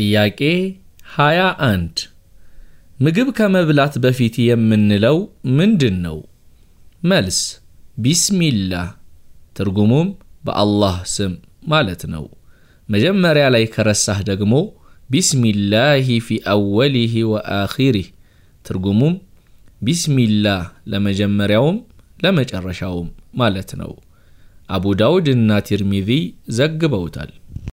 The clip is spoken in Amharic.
ጥያቄ 21 ምግብ ከመብላት በፊት የምንለው ምንድን ነው? መልስ ቢስሚላህ ትርጉሙም በአላህ ስም ማለት ነው። መጀመሪያ ላይ ከረሳህ ደግሞ ቢስሚላሂ ፊ አወሊህ ወአኺሪህ ትርጉሙም ቢስሚላህ ለመጀመሪያውም ለመጨረሻውም ማለት ነው። አቡ ዳውድ እና ቲርሚዚ ዘግበውታል።